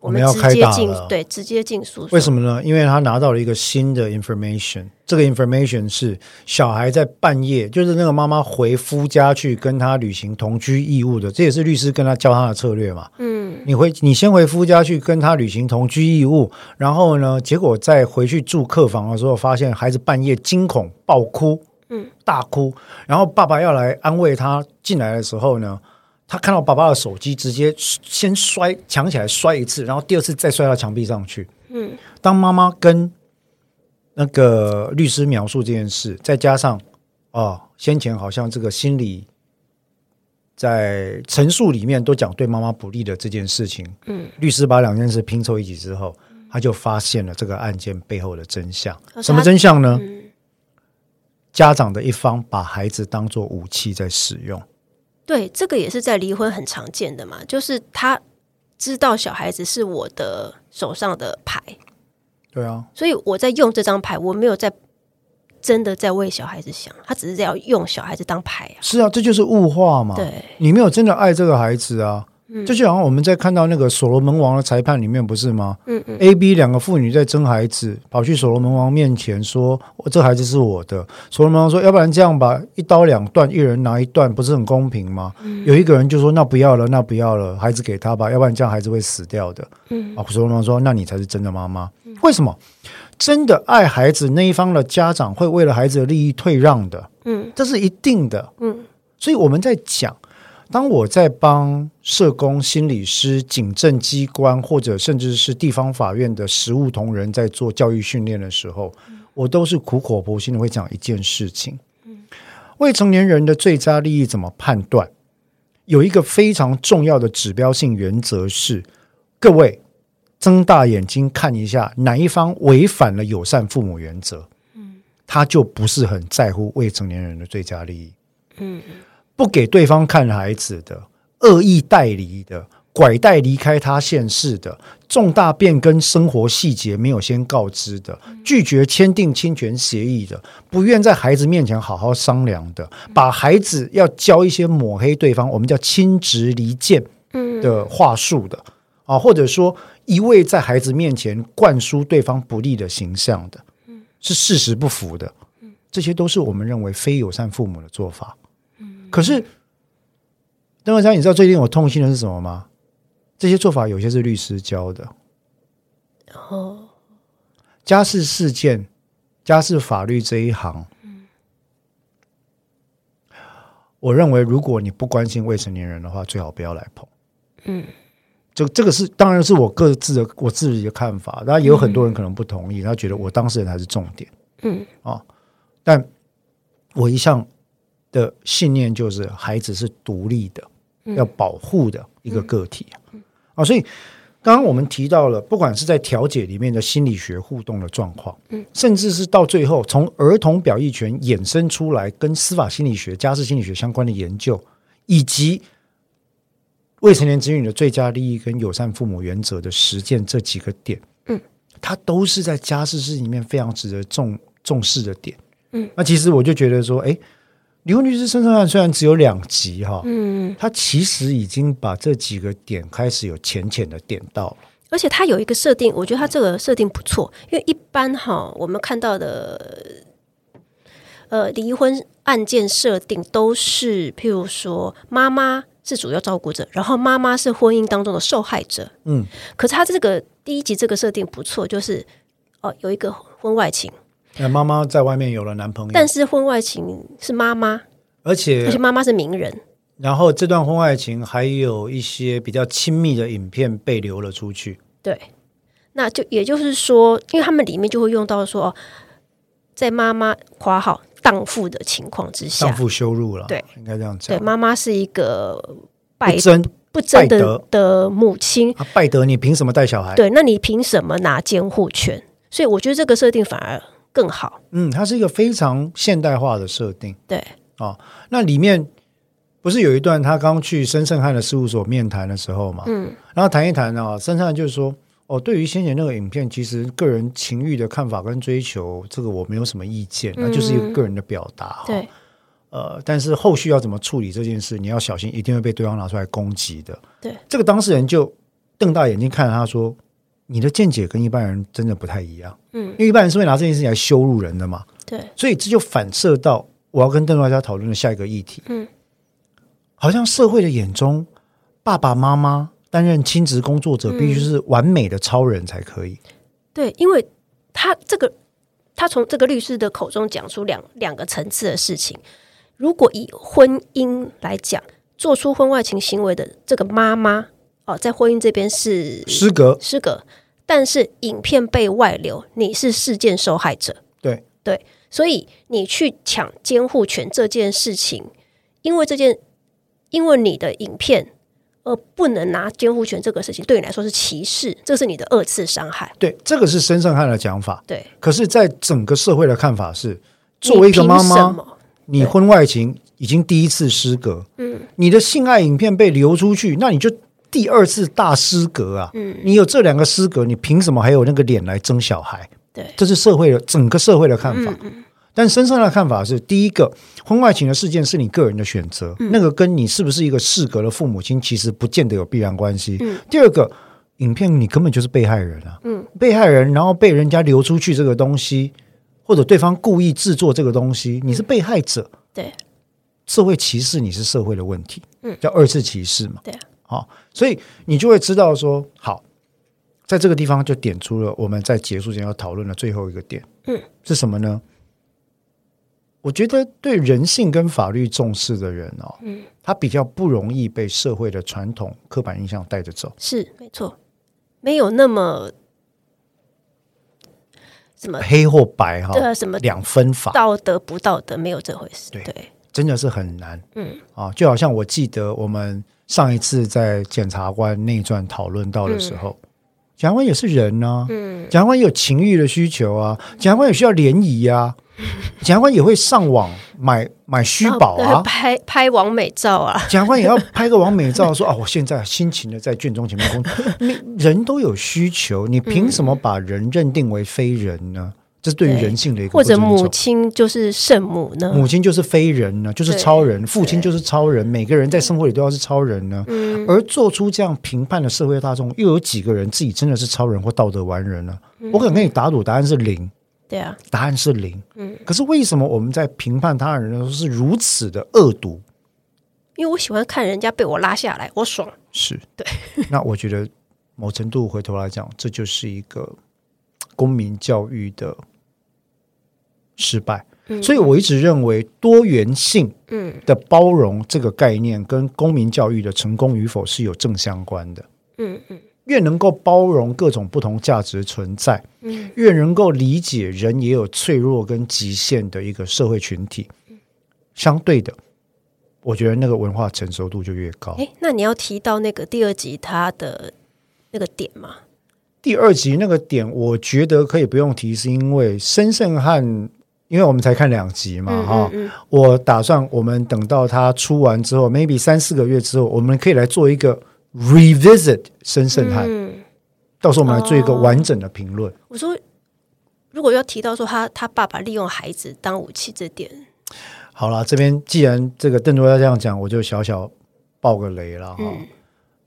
我們要開打了，對，直接進訴訟。為什麼呢？因為他拿到了一個新的 information，這個 information 是小孩在半夜，就是那個媽媽回夫家去跟他履行同居義務的，這也是律師跟他教他的策略嘛。嗯，你回，你先回夫家去跟他履行同居義務，然後呢，結果再回去住客房的時候，發現孩子半夜驚恐爆哭，嗯，大哭，然後爸爸要來安慰他進來的時候呢，他看到爸爸的手機，直接先摔，搶起來摔一次，然後第二次再摔到牆壁上去。嗯，當媽媽跟那個律師描述這件事，再加上，哦，先前好像這個心理在陳述裡面都講對媽媽不利的這件事情。嗯，律師把兩件事拼湊一起之後，他就發現了這個案件背後的真相。哦，什麼真相呢？嗯，家長的一方把孩子當做武器在使用。對，這個也是在離婚很常見的嘛，就是他知道小孩子是我的手上的牌，對啊，所以我在用這張牌，我沒有在真的在為小孩子想，他只是在要用小孩子當牌啊，是啊，這就是物化嘛，對，你沒有真的愛這個孩子啊。這、嗯、就好像我們在看到那個所羅門王的裁判裡面不是嗎、嗯嗯、？A B 兩個婦女在爭孩子，跑去所羅門王面前說：“哦、這孩子是我的。”所羅門王說：“要不然這樣吧，一刀兩斷，一人拿一段，不是很公平嗎、嗯？”有一個人就說：“那不要了，那不要了，孩子給他吧，要不然這樣孩子會死掉的。嗯”啊，所羅門王說：“那你才是真的媽媽，嗯、為什麼真的愛孩子那一方的家長會為了孩子的利益退讓的？嗯、這是一定的、嗯嗯。所以我們在講。”當我在幫社工、心理師、警政機關，或者甚至是地方法院的實務同仁在做教育訓練的時候，嗯、我都是苦口婆心的會講一件事情：嗯、未成年人的最佳利益怎麼判斷？有一個非常重要的指標性原則是，各位睜大眼睛看一下，哪一方違反了友善父母原則？嗯、他就不是很在乎未成年人的最佳利益。嗯不給對方看孩子的、惡意代理的、拐帶離開他現世的、重大變更生活細節沒有先告知的、嗯、拒絕簽訂侵權協議的、不願在孩子面前好好商量的、嗯、把孩子要教一些抹黑對方我們叫親職離間的話術的、嗯、啊或者說一味在孩子面前灌輸對方不利的形象的、嗯、是事實不符的，這些都是我們認為非友善父母的做法。可是鄧文山，你知道最令我痛心的是什麼嗎？這些做法有些是律師教的哦。家事事件、家事法律這一行，嗯，我認為如果你不關心未成年人的話，最好不要來碰。嗯，就這個是當然是我各自的我自己的看法，當然也有很多人可能不同意，嗯，他覺得我當事人才是重點。嗯，啊，哦，但我一向，的信念就是孩子是獨立的，嗯、要保護的一個個體、嗯嗯、啊！所以剛剛我們提到了，不管是在調解裡面的心理學互動的狀況，嗯，甚至是到最後從兒童表意權衍生出來，跟司法心理學、家事心理學相關的研究，以及未成年子女的最佳利益跟友善父母原則的實踐這幾個點，嗯，它都是在家事事裡面非常值得重重視的點，嗯，那其實我就覺得說，哎。離婚律師身上案雖然只有兩集哈，嗯，他其實已經把這幾個點開始有淺淺的點到，而且他有一個設定，我覺得他這個設定不錯，因為一般哈我們看到的，呃，離婚案件設定都是譬如說媽媽是主要照顧者，然後媽媽是婚姻當中的受害者，嗯，可是他這個第一集這個設定不錯，就是哦，有一個婚外情。那媽媽在外面有了男朋友，但是婚外情是媽媽，而且而且媽媽是名人。然後這段婚外情還有一些比較親密的影片被流了出去。對，那就也就是說，因為他們裡面就會用到說，在媽媽誇好蕩婦的情況之下，蕩婦羞辱了，對，應該這樣講。對，媽媽是一個敗德不貞不貞的的母親，敗、啊、德，你憑什麼帶小孩？對，那你憑什麼拿監護權？所以我覺得這個設定反而更好，嗯，它是一個非常現代化的設定。對，哦，那裡面不是有一段他剛去申晟瀚的事務所面談的時候嘛，嗯，然後談一談啊，申晟瀚就是說，哦，對於先前那個影片，其實個人情欲的看法跟追求，這個我沒有什麼意見，那就是一個個人的表達、嗯哦，對，呃，但是後續要怎麼處理這件事，你要小心，一定會被對方拿出來攻擊的。對，這個當事人就瞪大眼睛看着他說。你的見解跟一般人真的不太一樣，嗯，因為一般人是會拿這件事情來羞辱人的嘛，對，所以這就反射到我要跟鄧大家討論的下一個議題，嗯，好像社會的眼中，爸爸媽媽擔任親職工作者必須是完美的超人才可以，嗯，對，因為他這個他從這個律師的口中講出兩兩個層次的事情，如果以婚姻來講，做出婚外情行為的這個媽媽，哦，在婚姻這邊是失格失格，但是影片被外流，你是事件受害者。對對，所以你去搶監護權這件事情，因為這件因為你的影片而不能拿監護權這個事情，對你來說是歧視，這是你的二次傷害。對，這個是申晟瀚的講法。對，可是，在整個社會的看法是，作為一個媽媽你，你婚外情已經第一次失格，嗯，你的性愛影片被流出去，那你就。第二次大失格啊、嗯！你有這兩個失格，你憑什麼還有那個臉來爭小孩？對，這是社會的整個社會的看法。嗯、但申晟瀚的看法是：第一個，婚外情的事件是你個人的選擇、嗯，那個跟你是不是一個適格的父母親，其實不見得有必然關係、嗯。第二個，影片你根本就是被害人啊、嗯！被害人，然後被人家流出去這個東西，或者對方故意制作這個東西、嗯，你是被害者。對，社會歧視你是社會的問題，嗯，叫二次歧視嘛？對。好、哦，所以你就會知道說，好，在這個地方就點出了我們在結束前要討論的最後一個點，嗯，是什麼呢？我覺得對人性跟法律重視的人哦，嗯、他比較不容易被社會的傳統刻板印象帶着走，是沒錯，沒有那麼什麼黑或白哈、哦，對、啊，什麼兩分法，道德不道德，沒有這回事，對，對，真的是很難，嗯，啊、哦，就好像我記得我們。上一次在檢察官內傳討論到的時候，檢察官也是人啊，嗯，檢察官有情慾的需求啊，檢察官也需要聯誼呀，檢察官也會上網買買虛寶啊，拍拍網美照啊，檢察官也要拍個網美照說，說 啊，我現在辛勤的在卷宗前面工作， 人都有需求，你憑什麼把人認定為非人呢？嗯嗯。這是對於人性的一個或者母親就是聖母呢？母親就是非人呢？就是超人？父親就是超人？每個人在生活裡都要是超人呢、嗯？而做出這樣評判的社會大眾，又有幾個人自己真的是超人或道德完人呢、啊嗯？我可能跟你打賭，答案是零。對啊，答案是零。嗯、可是為什麼我們在評判他人的時候是如此的惡毒？因為我喜歡看人家被我拉下來，我爽。是對。 那我覺得某程度回頭來講，這就是一個。公民教育的失敗，所以我一直認為多元性的包容這個概念跟公民教育的成功與否是有正相關的。嗯嗯，越能夠包容各種不同價值存在，越能夠理解人也有脆弱跟極限的一個社會群體。相對的，我覺得那個文化成熟度就越高。欸，那你要提到那個第二集它的那個點嗎？第二集那個點，我覺得可以不用提，是因為《申晟瀚》，因為我們才看兩集嘛、嗯，哈、嗯嗯。我打算我們等到他出完之後，maybe 三四個月之後，我們可以來做一個 revisit 申《申晟瀚》。到時候我們來做一個完整的評論。嗯哦、我說，如果要提到說他他爸爸利用孩子當武器這點，好了，這邊既然這個鄧卓要這樣講，我就小小爆個雷了哈。嗯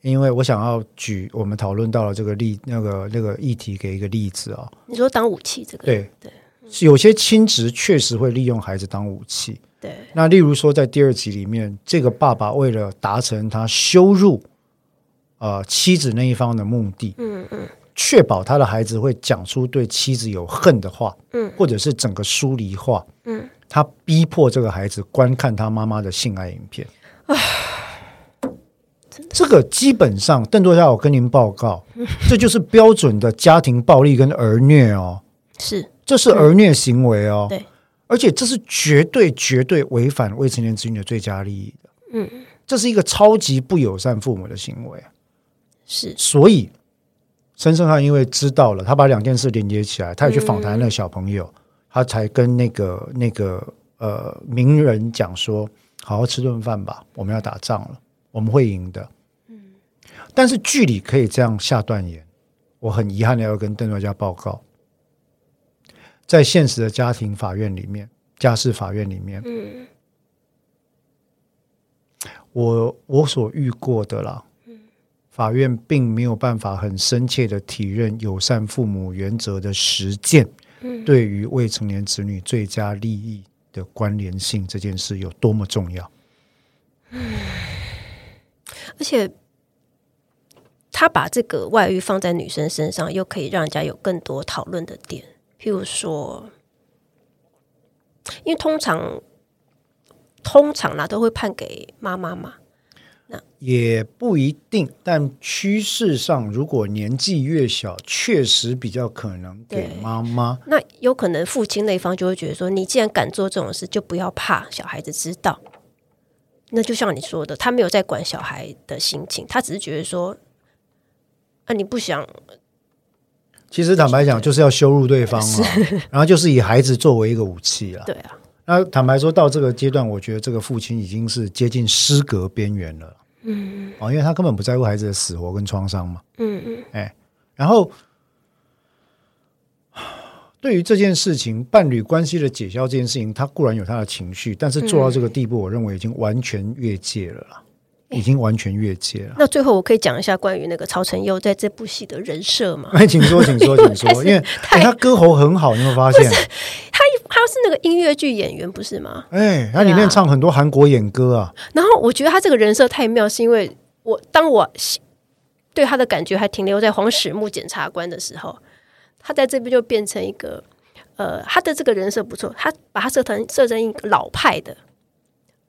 因為我想要舉我們討論到的這個例，那個那個議題，給一個例子啊、哦。你說當武器這個？對對，有些親職確實會利用孩子當武器。對。那例如說，在第二集裡面，這個爸爸為了達成他羞辱呃妻子那一方的目的，嗯嗯，確保他的孩子會講出對妻子有恨的話，嗯，或者是整個疏離化，嗯，他逼迫這個孩子觀看他媽媽的性愛影片。這個基本上，鄧多家，我跟您報告， 這就是標準的家庭暴力跟兒虐哦，是，這是兒虐行為哦，嗯、對，而且這是絕對絕對違反未成年子女的最佳利益的，嗯，這是一個超級不友善父母的行為，是，所以，申晟瀚因為知道了，他把兩件事連接起來，他也去訪談那小朋友、嗯，他才跟那個那個呃名人講說，好好吃頓飯吧，我們要打仗了。我們會贏的，但是劇裡可以這樣下斷言，我很遺憾的要跟鄧作家報告，在現實的家庭法院裡面，家事法院裡面，我我所遇過的啦，法院並沒有辦法很深切的體認友善父母原則的實踐，對於未成年子女最佳利益的關聯性這件事有多麼重要，嗯，嗯而且，他把這個外遇放在女生身上，又可以讓人家有更多討論的點。譬如說，因為通常，通常啦都會判給媽媽嘛。那也不一定，但趨勢上，如果年紀越小，確實比較可能給媽媽。那有可能父親那方就會覺得說：“你既然敢做這種事，就不要怕小孩子知道。”那就像你說的，他沒有在管小孩的心情，他只是覺得說啊，你不想。其實坦白講，就是要羞辱對方哦， 然後就是以孩子作為一個武器了。對啊，那坦白說到這個階段，我覺得這個父親已經是接近失格邊緣了。嗯，哦，因為他根本不在乎孩子的死活跟創傷嘛。嗯嗯，哎，然後。對於這件事情，伴侶關係的解消這件事情，他固然有他的情緒，但是做到這個地步，我認為已經完全越界了啦、嗯欸，已經完全越界了。那最後我可以講一下關於那個曹承佑在這部戲的人設嗎？哎、欸，請說，請說，請說。因為他，因為、欸、他歌喉很好，你有沒有發現？他他是那個音樂劇演員，不是嗎？哎、欸，他裡面唱很多韓國演歌啊，啊。然後我覺得他這個人設太妙，是因為我當我對他的感覺還停留在黃始木檢察官的時候。他在這邊就變成一個，呃，他的這個人設不錯，他把他設成設成一個老派的，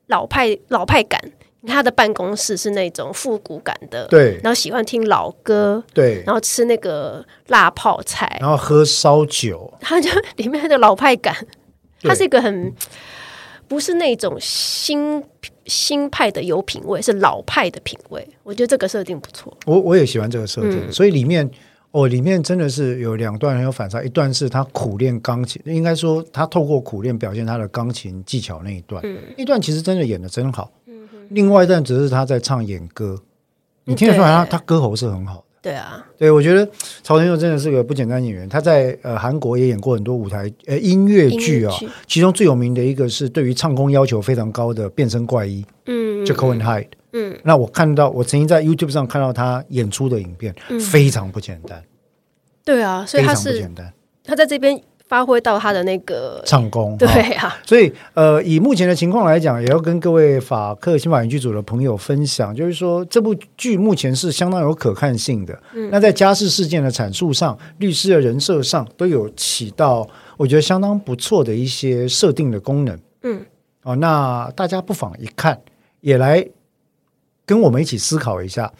老派老派感。他的辦公室是那種復古感的，對。然後喜歡聽老歌，對。然後吃那個辣泡菜，然後喝燒酒。他就裡面的老派感，他是一個很不是那種新新派的有品味，是老派的品味。我覺得這個設定不錯。我我也喜歡這個設定，嗯，所以裡面。哦，裡面真的是有兩段很有反差，一段是他苦練鋼琴，應該說他透過苦練表現他的鋼琴技巧那一段，那、嗯、一段其實真的演得真好，嗯，另外一段只是他在唱演歌，你聽得出來他他歌喉是很好的，對啊。對，我覺得曹承佑真的是個不簡單演員，他在呃韓國也演過很多舞台呃音樂劇啊，其中最有名的一個是對於唱功要求非常高的變身怪醫，嗯 Jekyll and Hyde。嗯，那我看到我曾經在 YouTube 上看到他演出的影片，嗯、非常不簡單。對啊，所以他是非常不簡單，他在這邊發揮到他的那個唱功，對啊。哦、所以呃，以目前的情況來講，也要跟各位法克新法院劇組的朋友分享，就是說這部劇目前是相當有可看性的。嗯、那在家事事件的闡述上，律師的人設上都有起到，我覺得相當不錯的一些設定的功能。嗯，哦，那大家不妨一看，也來。跟我們一起思考一下，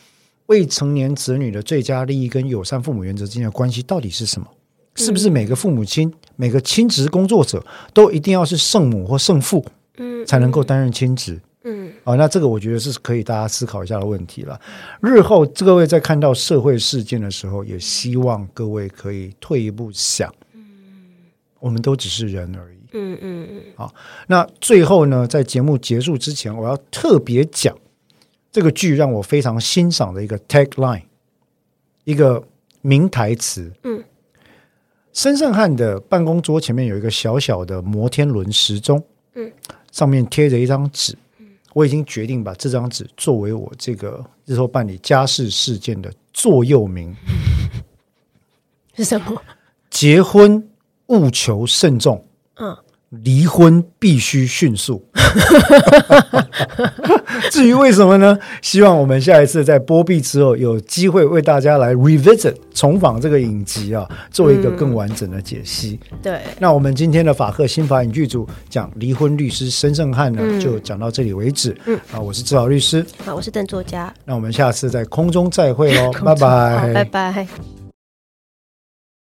未成年子女的最佳利益跟友善父母原則之間的關係到底是什麼？嗯、是不是每個父母親、每個親職工作者都一定要是聖母或聖父，嗯，才能夠擔任親職？嗯，啊、嗯嗯哦，那這個我覺得是可以大家思考一下的問題了。日後各位在看到社會事件的時候，也希望各位可以退一步想，嗯，我們都只是人而已，嗯嗯嗯。啊、嗯哦，那最後呢，在節目結束之前，我要特別講。這個劇讓我非常欣賞的一個 tagline，一個名台詞。嗯，申晟瀚的辦公桌前面有一個小小的摩天輪時鐘。嗯，上面貼着一張紙。嗯，我已經決定把這張紙作為我這個日後辦理家事事件的座右銘。是、嗯、什麼？結婚務求慎重。嗯。離婚必須迅速。， 至於為什麼呢？希望我們下一次在播畢之後有機會為大家來 revisit 重訪這個影集啊，做一個更完整的解析。嗯、對，那我們今天的法客新法影劇組講離婚律師申晟瀚呢，嗯、就講到這裡為止。嗯、啊、我是致豪律師，好，我是鄧作家。那我們下次在空中再會嘍，拜拜，拜拜。